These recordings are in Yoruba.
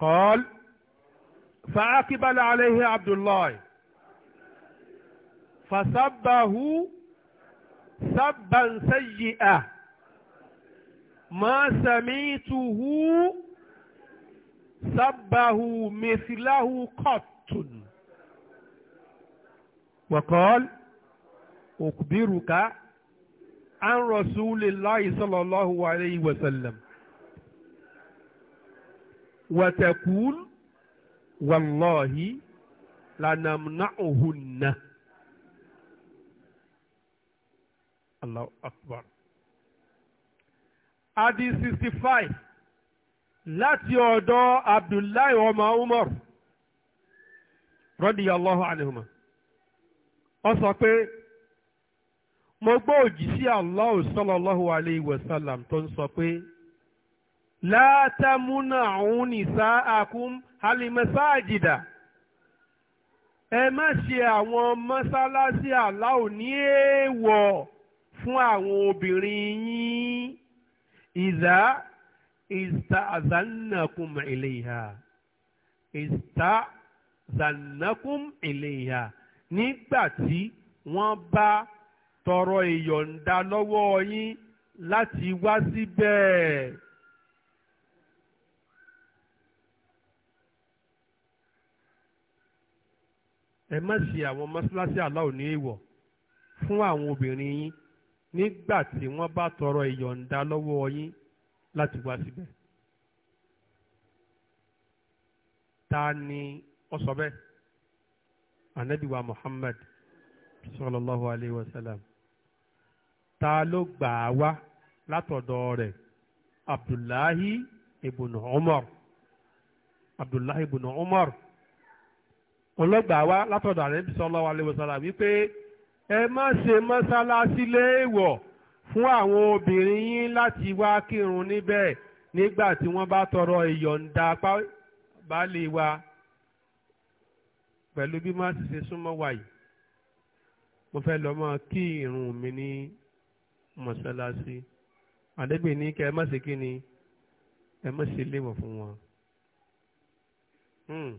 قال فأقبل عليه عبد الله فسبه سبا سيئا ما سميته سبه مثله قط وقال أخبرك عن رسول الله صلى الله عليه وسلم wàtẹ̀kùl wàlọ́ọ̀hí lànàmúnà òhùnà. Allahu akbar. Adi sixty five láti ọ̀dọ̀ Abdullahi ọmọ Umar radiyallahu anhuma. Ó sọ pé mo gbọ́ òjì sí Allah sallallahu alayhi wa tó ń sọ pé látàmúnà òun nìsá àkúm alìmọ́sáàjìdà ẹ má ṣe àwọn mọ́sálásí aláò ní èèwọ̀ fún àwọn obìnrin yín ìdá ìsàzánàkùm ìléyà ìsàzánàkùm ìléyà nígbà tí wọ́n bá tọrọ ìyọ̀ǹda lọ́wọ́ yín láti wá síbẹ̀. Si ẹ má ṣe àwọn mọ́ṣáláṣí aláwọ̀ ní èèwọ̀ fún àwọn obìnrin yín nígbà tí wọ́n bá tọrọ ìyọ̀ǹda lọ́wọ́ yín láti wá síbẹ̀. ta ni ó sọ bẹ́ẹ̀ Ànábì wa Muhammad sallallahu alayhi wa sallam ta ló gbà á wá látọ̀dọ̀ rẹ̀ Abdullahi ibn Umar Abdullahi ibn Umar ọlọ́gbàá wá látọ̀dọ̀ ànábì sallallahu alaihi wasallam wípé ẹ má ṣe mọ́sálásí léèwọ̀ fún àwọn obìnrin yín láti wá kírun níbẹ̀ nígbà tí wọ́n bá tọrọ ìyọ̀ǹda baálé wa pẹ̀lú bí má sì ṣe súnmọ́ wa yìí mo fẹ́ lọ kí irun mi ní mọ́sálásí àdébì ní kẹ́ ẹ má ṣe kí ni ẹ má ṣe léèwọ̀ fún wọn. Hmm.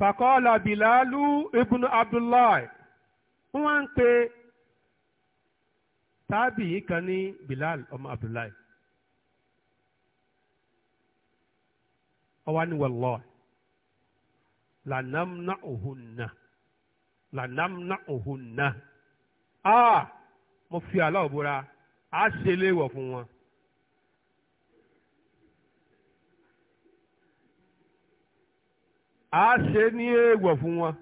fàkọ́ọ̀lá bìláàlú ibùnú abdullahi wọ́n ń pe tábì yìí kan ní bilal ọmọ abdullahi ọwá ní wallahi lànàmnà òhunna lànàmnà òhunna a ah, mo fi àlọ́ òbúra a ṣe léèwọ̀ fún wọn. á ṣe ní èèwọ̀ fún wọn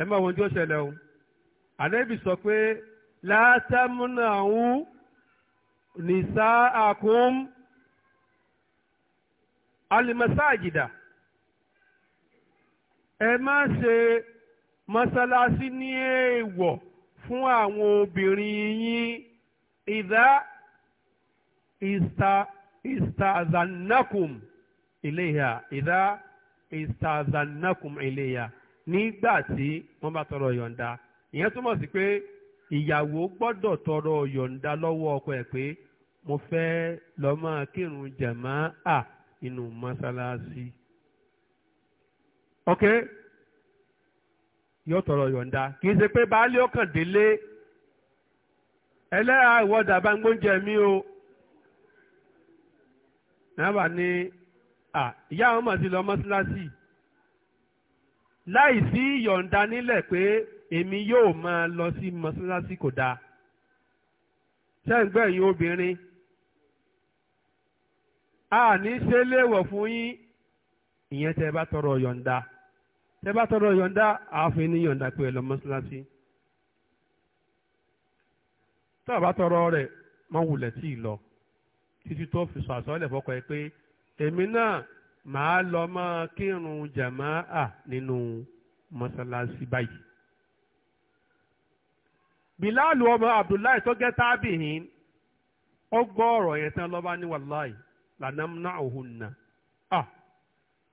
ẹ mọ̀ ohun tí ó ṣẹlẹ̀ o ànábì sọ pé látàmúnà ń nìsá àkún alìmọ̀sáàjìdà ẹ má ṣe mọ́sálásí ní èèwọ̀ fún àwọn obìnrin yín ìdá ìsta ìsta àzànákùn. ìléyà ìdá ìsàzànàkùn ìléyà nígbà tí wọ́n bá tọrọ yọ̀ǹda ìyẹn túmọ̀ sí pé ìyàwó gbọ́dọ̀ tọrọ yọ̀ǹda lọ́wọ́ ọkọ ẹ̀ pé mo fẹ́ lọ máa kírun jàmáà inú mọ́sálásí. ok yóò tọrọ yọ̀ǹda kì í ṣe pé baálé ọkàn délé ẹlẹ́yà ìwọ́dà bá ń gbóúnjẹ mi o nàbà ni ìyá ọmọ ti lọ mọ́síláṣí láì sí ìyọ̀ǹda nílẹ̀ pé èmi yóò máa lọ sí mọ́síláṣí kò dáa ṣẹ́ǹgbẹ̀yìn obìnrin a ní ṣe léèwọ̀ fún yín ìyẹn tẹ́ bá tọrọ yọ̀ǹda tẹ́ bá tọrọ yọ̀ǹda àáfin ní yọ̀ǹda pé ẹ lọ mọ́síláṣí tó o bá tọrọ rẹ̀ mọ́ wulẹ̀ tí ì lọ títí tó fi sọ àsọ́lẹ̀ fọkọ ẹ pé èmi náà màá lọ máa kírun jàmáà nínú mọ́sálásí báyìí. Bilalu ọmọ Abdullahi tó gẹ́ tábìhìn ó gbọ́ ọ̀rọ̀ yẹn tán lọ́ba ní wàláì lànàmúnà òhunà à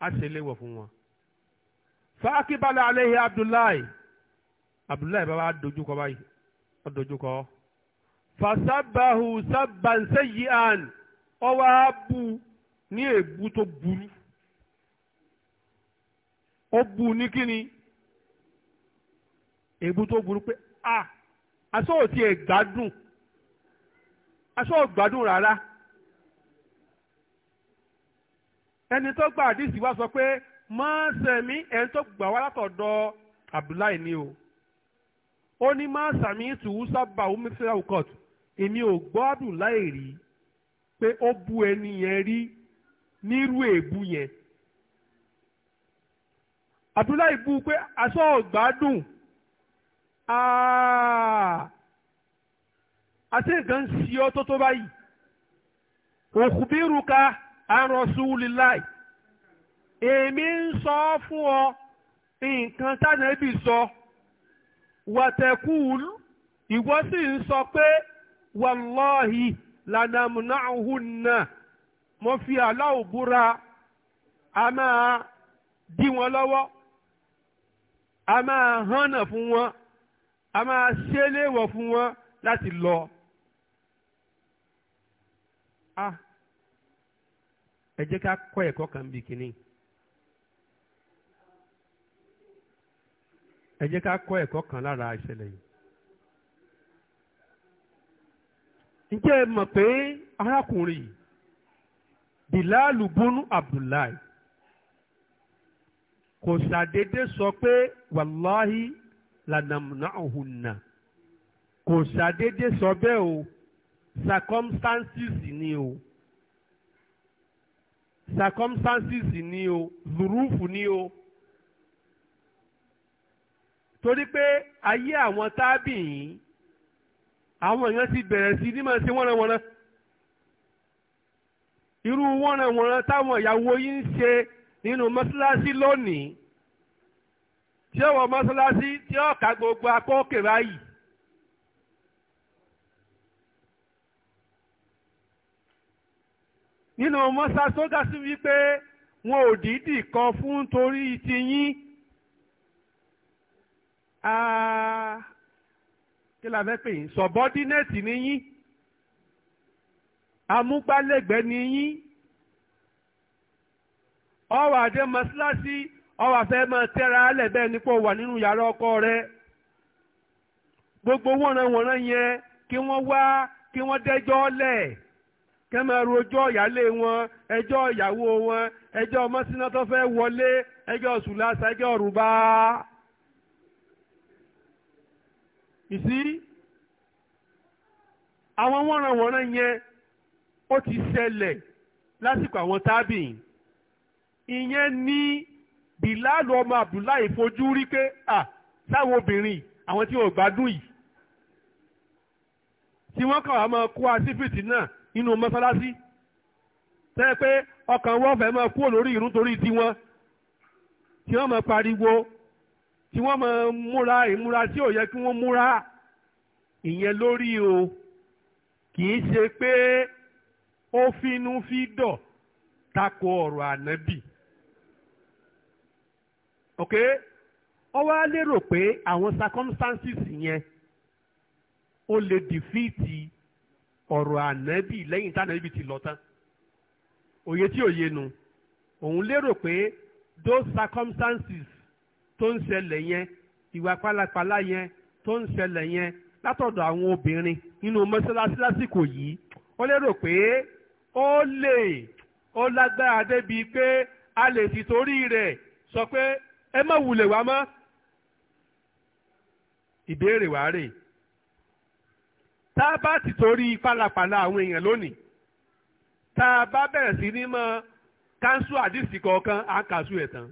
á ṣe léwọ̀ fún wọn. fàákìbalà aleyhi Abdullahi Abdullahi bàbá dojúkọ báyìí ó dojúkọ. fasabahu sabanseyi an ọwọ́ abu ní ègbú tó burú ó bu ní kíni èébú tó burú pé a aṣọ ò tiẹ̀ gbádùn aṣọ ò gbádùn rárá ẹni tó gba àdìsí wa sọ pé máa sẹ̀mí ẹni tó gbà wá látọ̀dọ̀ Abdullahi ni o ó ní máa sàmì tùwú sábà omi fẹ́ràn court èmi ò gbọ́ Abdullahi rí pé ó bu ẹni yẹn rí nírú èébú yẹn. Abdullahi bú pé aṣọ ọ̀gbádùn àti nǹkan ń ṣe ọ́ tó tó báyìí òkùbírùka arọ̀sùlìláì èmi ń sọ fún ọ nǹkan tánàbì sọ wàtẹ̀kùl ìwọ sì ń sọ pé wàlọ́ọ̀hì lànàmùnáhùnà mo fi aláwòbúra a máa dí wọn lọ́wọ́ a máa hánà fún wọn a máa ṣéléwọ̀ fún wọn láti lọ. a ẹ jẹ́ ká kọ́ ẹ̀kọ́ kan bí kínní. ẹ jẹ́ ká kọ́ ẹ̀kọ́ kan lára ìṣẹ̀lẹ̀ yìí. ǹjẹ́ ẹ mọ̀ pé Bilalu bunu Abdullahi kò ṣàdédé sọ pé wàláhí lànàmùnà òhùnà kò ṣàdédé sọ bẹ́ẹ̀ o circumstances ni o circumstances ni o zurufu ni o torí pé ayé àwọn tábìyìn àwọn èèyàn ti bẹ̀rẹ̀ sí ní máa ṣe wọ́nranwọ́nran irú wọ́nranwọ́nran táwọn ìyàwó yìí ń ṣe nínú mọ́ṣáláṣí lónìí tí ó wọ mọ́ṣáláṣí tí ó ka gbogbo apá òkè báyìí. nínú mọ́ṣáláṣí tó ga sí wípé wọn ò dídì kan fún torí ti yín. Ah, kí la fẹ́ pè yín sọ̀bọ́dínẹ́ẹ̀tì ni yín amúgbálẹ́gbẹ̀ẹ́ ni yín. ọwà àdé mọ́síláṣí ọwà fẹ́ máa tẹ́ra alẹ̀ bẹ́ẹ̀ wà nínú yàrá ọkọ rẹ gbogbo wọ̀nranwọ̀nran yẹn kí wọ́n wá kí wọ́n dẹ́jọ́ lẹ̀ kẹ́ máa ro ọjọ́ ìyálé wọn ẹjọ́ ìyàwó wọn ẹjọ́ mọ́síná tó wọlé ẹjọ́ sùlásà ẹjọ́ rúbá. ìsí àwọn yẹn ó ti ṣẹlẹ̀ lásìkò àwọn tábìlì ìyẹn ní Bilal ọmọ Abdullahi fojú rí pé à sáwọn obìnrin àwọn tí wọ́n gbádùn yìí tí wọ́n kàn wá máa kó asífìtì náà nínú mọ́sálásí tẹ́ pé ọkàn wọn fẹ́ máa kúrò lórí ìrun torí tiwọn tí wọ́n máa pariwo tí wọ́n máa múra ìmúra tí ò yẹ kí wọ́n múra ìyẹn lórí o kì í ṣe pé ó finú fídọ̀ tako ọ̀rọ̀ ànábì ok ó wá lérò pé àwọn circumstances yẹn ó lè dìfíìtì ọ̀rọ̀ ànábì lẹ́yìn tánàbì ti lọ tán òye tí òye nu òun lérò pé those circumstances tó ń ṣẹlẹ̀ yẹn ìwà pálapàla yẹn tó ń ṣẹlẹ̀ yẹn látọ̀dọ̀ àwọn obìnrin nínú mọ́ṣáláṣí lásìkò yìí ó lérò pé ó lè ó lágbára débi pé a lè sì torí rẹ̀ sọ pé ẹ má wulẹ̀ wá mọ́ ìbéèrè wàá rèé tá a bá ti torí pálapàla àwọn èèyàn lónìí tá a bá bẹ̀rẹ̀ sí ní mọ́ káńsù àdìsí kọ̀ọ̀kan á kàṣù ẹ̀ tán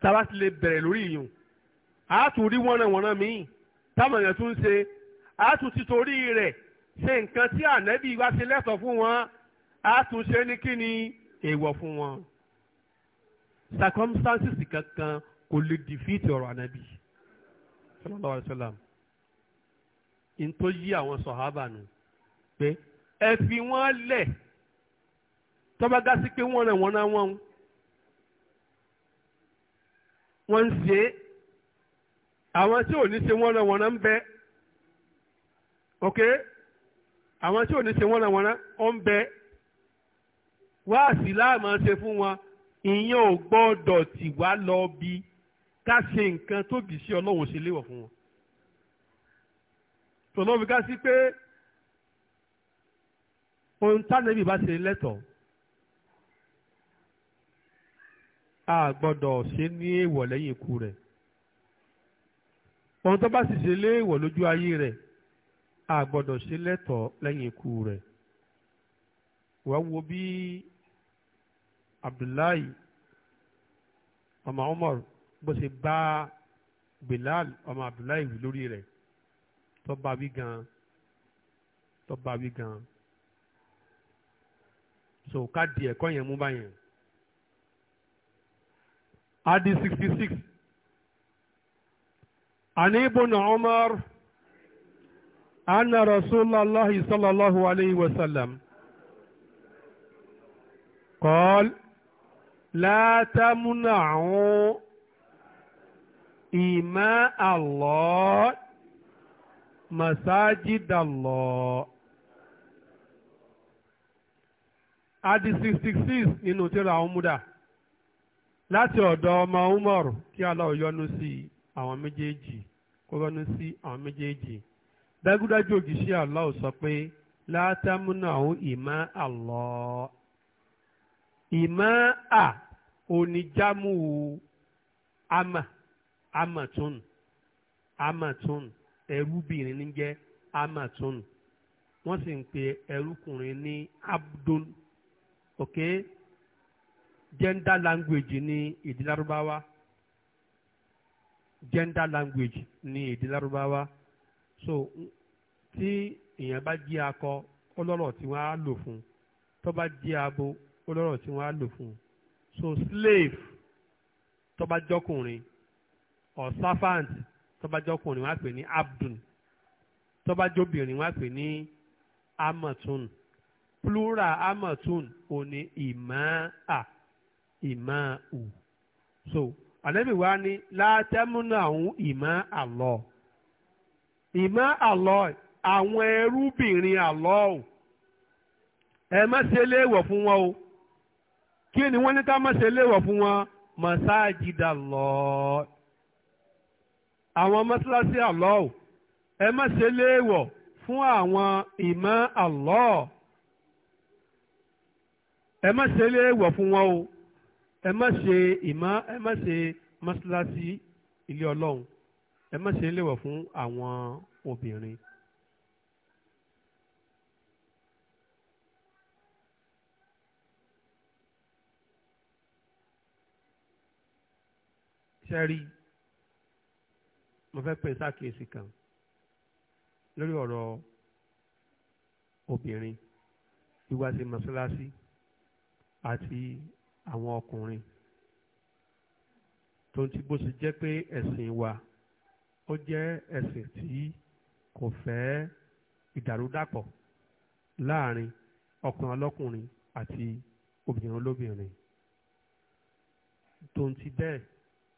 tá a bá ti lè bẹ̀rẹ̀ lórí ìyún á tún rí wọ́nrẹ̀wọ́nrẹ̀ míì táwọn èèyàn tún ṣe á tún ti torí rẹ̀ ṣe nǹkan tí ànábì wá ṣe lẹ́tọ̀ọ́ fún wọn á tún ṣe ní kíni èèwọ̀ fún wọn circumstances kankan kò lè defeat ọ̀rọ̀ ànábì sallallahu alayhi wa sallam n tó yí àwọn sọ̀hábà nù pé ẹ fi wọ́n lẹ̀ tọ́ba gá sí pé wọ́n rẹ̀ wọ́n náà wọ́n wọ́n ń ṣe é àwọn tí ò ní ṣe wọ́n rẹ̀ wọ́n náà ń bẹ ok àwọn tí ò ní ṣe wọ́n rẹ̀ wọ́n náà ń bẹ wáàsí láàmú ṣe fún wọn ìyẹn ò gbọ́dọ̀ tì wá lọ bí ká ṣe nǹkan tóbi sí ọlọ́run ṣe léwọ̀ fún wọn. tòló fi ká sí pé ohun tánàbì bá ṣe lẹ́tọ̀ọ́ a gbọ́dọ̀ ṣe ní èèwọ̀ lẹ́yìn ikú rẹ̀ ohun tó bá sì ṣe léèwọ̀ lójú ayé rẹ̀ a gbọ́dọ̀ ṣe lẹ́tọ̀ọ́ lẹ́yìn ikú rẹ̀ wàá wo bí abdullahi ọmọ umar bó ṣe bá bilal ọmọ abdullahi wí lórí rẹ̀ tó bá wí gan tó bá wí gan so ká di ẹ̀kọ́ yẹn mú báyẹn. adi sixty six ani ibn umar anna rasulallah sallallahu alayhi wa sallam. قال látàmúnà àwọn ìmá Allah masajidallah adi 66 nínú tíra àwọn múdà láti ọ̀dọ̀ ọmọ Umar kí Allah yọ́nú sí àwọn méjèèjì kó yọ́nú sí àwọn méjèèjì dágúdájú òjíṣẹ́ Allah sọ pé látàmúnà ìmá Allah ìmá à oníjàmù ama amatun amatun ẹrúbìnrin ní jẹ́ amatun wọ́n sì ń pe ẹrúkùnrin ní abdul ok gender language ní èdè lárúbáwá gender language ní èdè lárúbáwá so tí èèyàn bá jí akọ ọlọ́rọ̀ tí wọ́n á lò fún tó bá jí abo ọlọ́rọ̀ tí wọ́n á lò fún un so slave tó bá jọkùnrin or servant tó bá jọkùnrin wọ́n á pè ní abdun tó bá jọbìnrin wọ́n á pè ní amatun plural amatun ò ní ìmáà ìmáàù so ànábì wa ni látẹ́múnà àwọn ìmá àlọ́ ìmá àlọ́ àwọn ẹrúbìnrin àlọ́ ẹ má ṣe léèwọ̀ fún wọn o kí ni wọ́n ní ká má ṣe léèwọ̀ fún wọn masajida lọ àwọn mọ́ṣáláṣí àlọ́ ẹ má ṣe léèwọ̀ fún àwọn ìmọ̀ àlọ́ ẹ má ṣe léèwọ̀ fún wọn o ẹ má ṣe ìmọ̀ ẹ má ṣe mọ́ṣáláṣí ilé ọlọ́run ẹ má ṣe léèwọ̀ fún àwọn obìnrin. sẹ́rí mo fẹ́ pè sákèésì kan lórí ọ̀rọ̀ obìnrin wíwá sí mọ́ṣáláṣí àti àwọn ọkùnrin tó ń ti bó ṣe jẹ́ pé ẹ̀sìn wa ó jẹ́ ẹ̀sìn tí kò fẹ́ ìdàrúdàpọ̀ láàrin ọkùnrin ọlọ́kùnrin àti obìnrin olóbìnrin tó ń ti bẹ́ẹ̀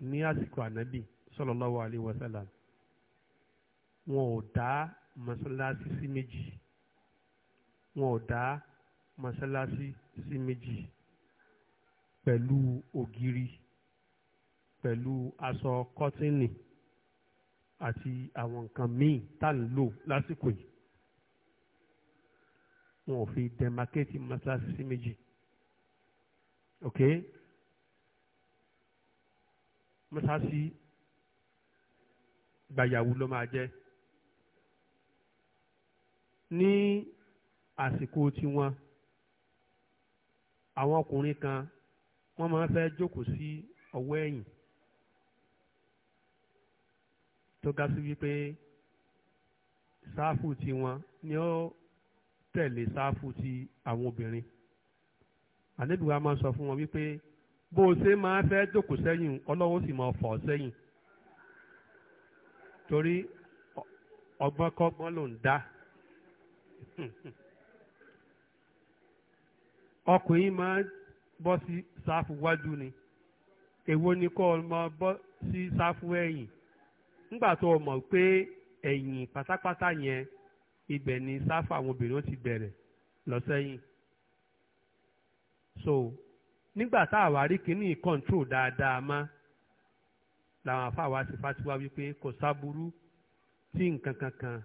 ní àsìkò ànábì sallallahu alaihi wasallam wọn ò dá mọ́sálásí sí méjì wọn ò dá mọ́sálásí sí méjì pẹ̀lú ògiri pẹ̀lú aṣọ kọ́tínì àti àwọn nǹkan míì tá à ń lò lásìkò yìí wọn ò fi dẹ́mákéètì mọ́sálásí sí méjì ok mọ́sáàsì gbàyàwó ló máa jẹ́ ní àsìkò tiwọn àwọn ọkùnrin kan wọ́n máa fẹ́ jókòó sí ọwọ́ ẹ̀yìn tó ga sí wípé sáfù tiwọn ni ó tẹ̀lé sáfù ti àwọn obìnrin àlébìwá máa ń sọ fún wọn wípé bó o ṣe máa fẹ́ jókòó sẹ́yìn ọlọ́run sì máa fọ̀ sẹ́yìn torí ọgbọ́n kọ́gbọ́n ló ń dá ọkùnrin máa bọ́ sí sáfù wájú ni èwo ni kó o máa bọ́ sí sáfù ẹ̀yìn nígbà tó o mọ̀ pé ẹ̀yìn pátápátá yẹn ibẹ̀ ni sáfù àwọn obìnrin ó ti bẹ̀rẹ̀ lọ sẹ́yìn so nígbà tá a wá control dáadáa má làwọn afáwa sì fásiwá wípé kò sábúrú tí nǹkan kankan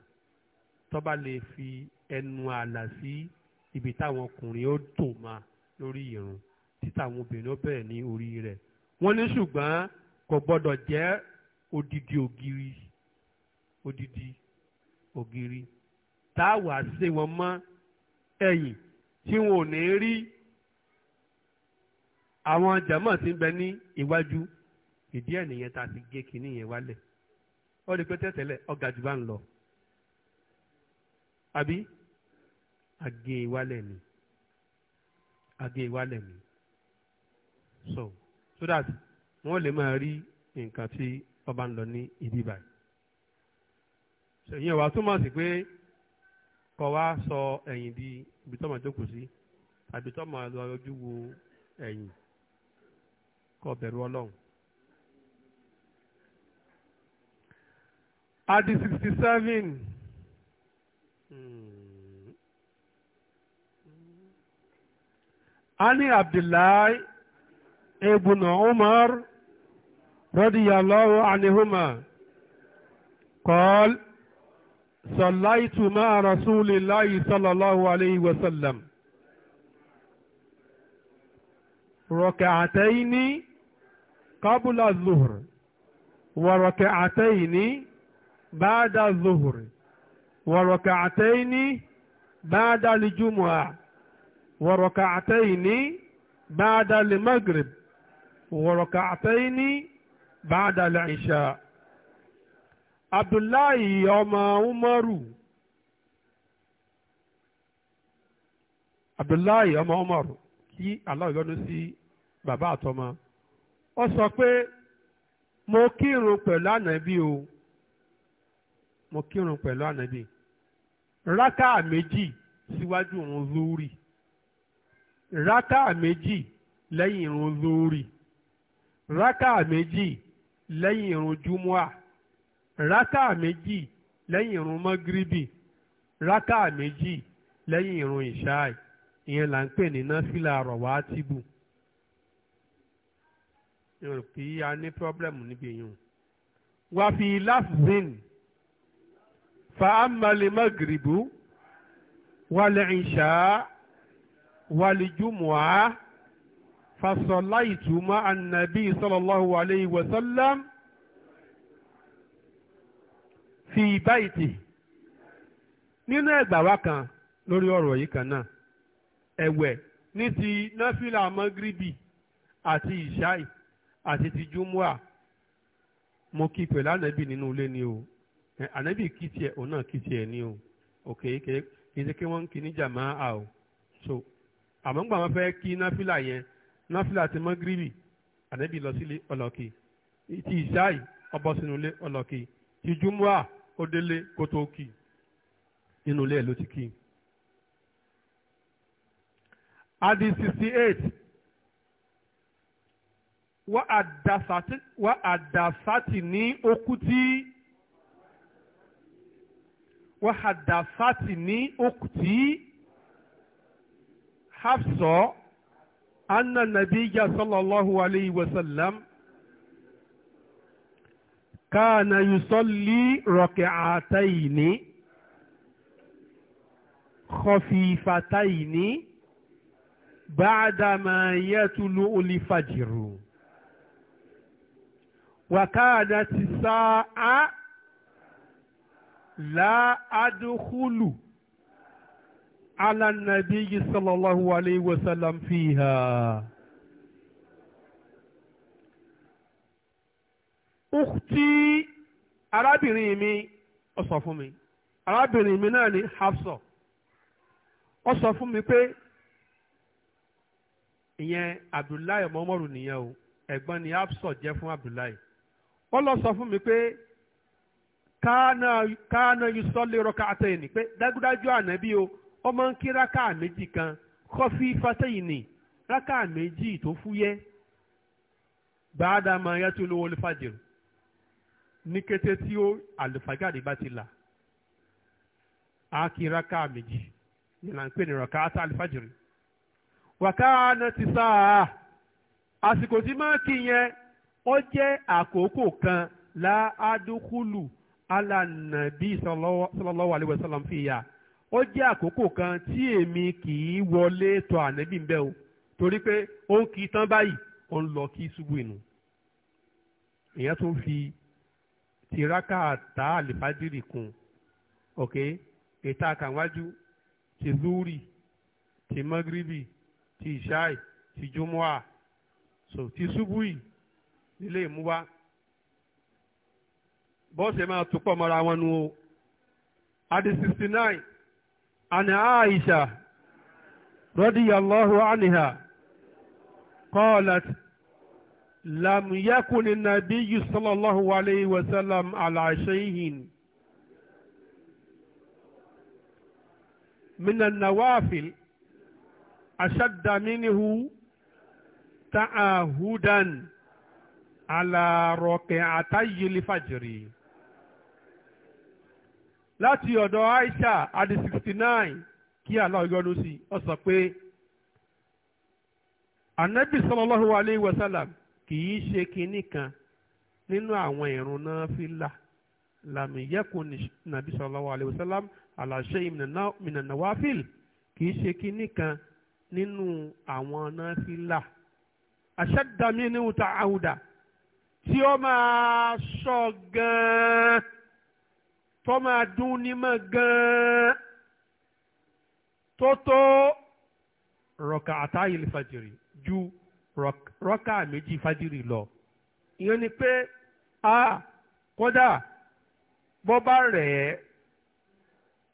tó bá lè fi ẹnu ààlà sí ibi táwọn ọkùnrin ó tò má lórí irun títà àwọn obìnrin ó bẹ̀rẹ̀ ní orí rẹ̀ wọ́n ní ṣùgbọ́n kò gbọ́dọ̀ jẹ́ odidi ògiri odidi ògiri tá ṣe wọn mọ́ ẹ̀yìn tí wọn ò ní rí àwọn jàmọ́ ti ń bẹ ní iwájú ìdí ẹ̀ nìyẹn tá a ti gé kinní yẹn wálẹ̀ ó rí pé tẹ́tẹ́lẹ̀ ọ̀gá jù bá ń lọ àbí àgé ìwálẹ̀ e ni àgé ìwálẹ̀ e ni so so that wọ́n lè máa rí nǹkan tí ọba ń lọ ní ibi báyìí ṣèyí ọ̀wá túmọ̀ sí pé kọ́ wa sọ ẹ̀yìn di ibi tọ́mọ̀ jókòó sí àbí tọ́mọ̀ lọ ojú wo ẹ̀yìn kó bẹ̀rù ọlọ́run. adi sixty seven. ani abdullahi ibn umar radiyallahu anihuma qala صليت مع رسول الله صلى الله عليه وسلم ركعتين قبل الظهر وركعتين بعد الظهر وركعتين بعد الجمعة وركعتين بعد المغرب وركعتين بعد العشاء عبد الله يوم عمر عبد الله يوم عمر kí الله yọ́nú sí bàbá àtọmọ ó sọ pé mo kírun pẹ̀lú ànábì o mo kírun pẹ̀lú ànábì rákà méjì síwájú ìrun lórí rákà méjì lẹ́yìn ìrun lórí rákà méjì lẹ́yìn ìrun júmọ́à rákà méjì lẹ́yìn ìrun mọ́gíríbì rákà méjì lẹ́yìn ìrun ìṣáì ìyẹn là ń pè ní náfìlà rọ̀wá tìbù ìrò pé a ní pọ́blẹ́mù níbi yìí wà fi láfzin fa amali magribu wàlẹ̀ ìṣá wàlẹ̀ jùmùá fasọ̀lá ìtumọ̀ annabi sallallahu alayhi wa sallam fi báyìí nínú ẹgbàá kan lórí ọ̀rọ̀ yìí kan náà ẹ̀wẹ̀ ní ti náfìlà mọ́gíríbì àti ìṣáì àti ti júmọ́à mo kí pẹ̀lú ànábì nínú ilé ni o ànábì kí tiẹ̀ òun náà kí tiẹ̀ ni o òkè kì í ṣe kí wọ́n ń kí ní jàmáà o so àmọ́ ń gbà wọ́n fẹ́ kí náfìlà yẹn náfìlà ti mọ́gírìbì ànábì lọ sílé ọlọ́kì ti ìṣáì ọbọ̀ sínú ilé ọlọ́kì ti júmọ́à ó délé kì nínú ilé ẹ̀ ló ti kì. adi sixty eight wa àdàsátì ní okùtì wa àdàsátì ní okùtì hafsọ anna nabiyya sallallahu alayhi wa sallam kana yusalli rak'ataini khafifataini ba'da ma yatlu'u al wàkáàdà ti sáà láàdúkúlù alánàbí yìí sallallahu alayhi wa sallam fiha. Ukhti arábìnrin mi ó sọ fún mi arábìnrin mi náà ni Hafsa ó sọ fún mi pé ìyẹn Abdullahi ọmọ nìyẹn o ẹ̀gbọ́n ni Hafsa jẹ́ fún Abdullahi ó lọ sọ fún mi pé káánà káánà yusalli rak'atayn pé dájúdájú ànábì o ó máa ń kí rákà méjì kan khafifatayn rákà méjì tó fúyẹ́ ba'da ma yatlu al-fajr ní kété tí ó àlùfájáde bá ti là á kí rákà méjì ní là ń pè ní rak'ata al-fajr wàkàánà ti sáà àsìkò tí máa kí yẹn. ó jẹ́ àkókò kan láàdúkúlù alànàbí sallallahu alaihi wasallam fìyà ó jẹ́ àkókò kan tí èmi kì í wọlé tọ̀ to ń bẹ̀ o torí pé ó ń kí tán báyìí ó ń lọ kí ṣubú inú ìyẹn tún fi tìrákà tá àlìfájìrì kún ok ètà àkànwájú ti zúrì ti magribi ti ìṣáì ti jùmọ́à so ti ṣubú yìí nílé ìmúwá bọ́ọ̀sì máa tó pọ̀ mọ́ra wọn nu o adi sixty nine àni aisha radiyallahu anha qalat lam yakun nabiyyu sallallahu alayhi wa sallam ala shay'in من النوافل أشد منه تعاهدا alárọ̀kẹ́ àtàyèlé fàjèrè láti ọ̀dọ̀ Aisha adi sixty nine kí aláwọ̀ yọ́nú sí ọ sọ pé anabi sallallahu alayhi wa sallam kì í ṣe kinní kan nínú àwọn ìrun náfìlà làmì yẹ́kùn nàbí sallallahu alayhi wa sallam ala shay'in kì í ṣe kinní kan nínú àwọn náfìlà aṣẹ́dàmí ní wùtá àwùdá tí ó máa sọ gan-an tó máa dún nímọ̀ gan-an tó tó rọ̀kà àtàyè fàjìrì ju rọ́kà méjì fàjìrì lọ ìyẹn ni pé a kódà bọ́ bá rẹ̀ ẹ́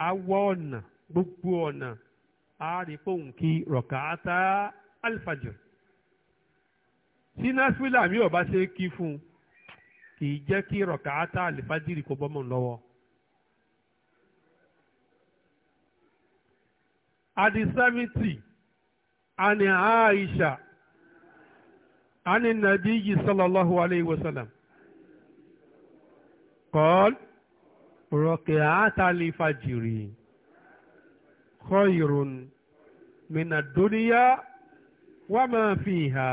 awọ ọ̀nà gbogbo ọ̀nà a rí pòun kí rọ̀kà àtà alifajiri tí násílà mi ò bá ṣe kí fún un kì í jẹ́ kí rọ̀kàátà àlìfájìrì kó bọ́mọ̀ lọ́wọ́. adi seventy ani aisha ani nabiyyi sallallahu alayhi wa sallam qal rọ̀kàátà àlìfájìrì khayrun min ad-dunya wa ma fiha.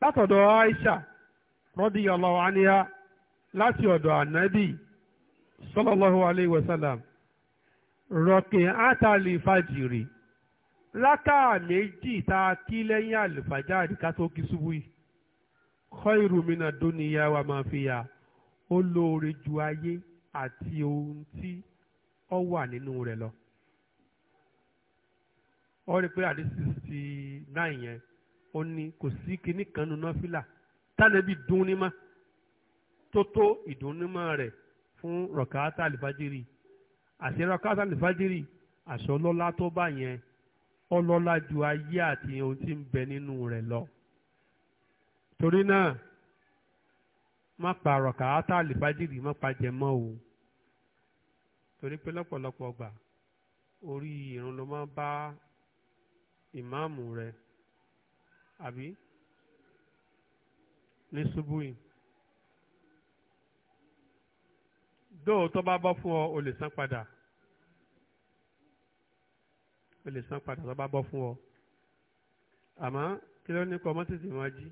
látọ̀dọ̀ Aisha radiyallahu anha láti ọ̀dọ̀ ànábì sallallahu alayhi rọ̀kì átàlì fàjìrì rákà méjì tá kí lẹ́yìn àlùfàjáàrí ká tó kí ṣubú yìí wa ma fiha ju ayé àti ohun tí lọ. Ọ rí pé ó ní kò sí kinní kan nu nọ́fìlà tánàbí dunni mọ́ tó tó ìdùnnímọ̀ rẹ̀ fún rọ̀kátà àlìfájírì àti rọ̀kátà àlìfájírì àṣọ ọlọ́lá tó bá yẹn ọlọ́lá ju ayé àti ohun tí ń bẹ nínú rẹ̀ lọ. torí náà má pa rọ̀kátà àlìfájírì má pa jẹ o torí pé lọ́pọ̀lọpọ̀ gbà orí ìrun ló máa bá ìmáàmù rẹ̀ àbí ní ṣubú yìí dóòótọ́ bá bọ́ fún ọ o lè san padà o lè san padà tó bá bọ́ fún ọ àmọ́ kí ló ní kọ́ ọmọ tètè máa jí.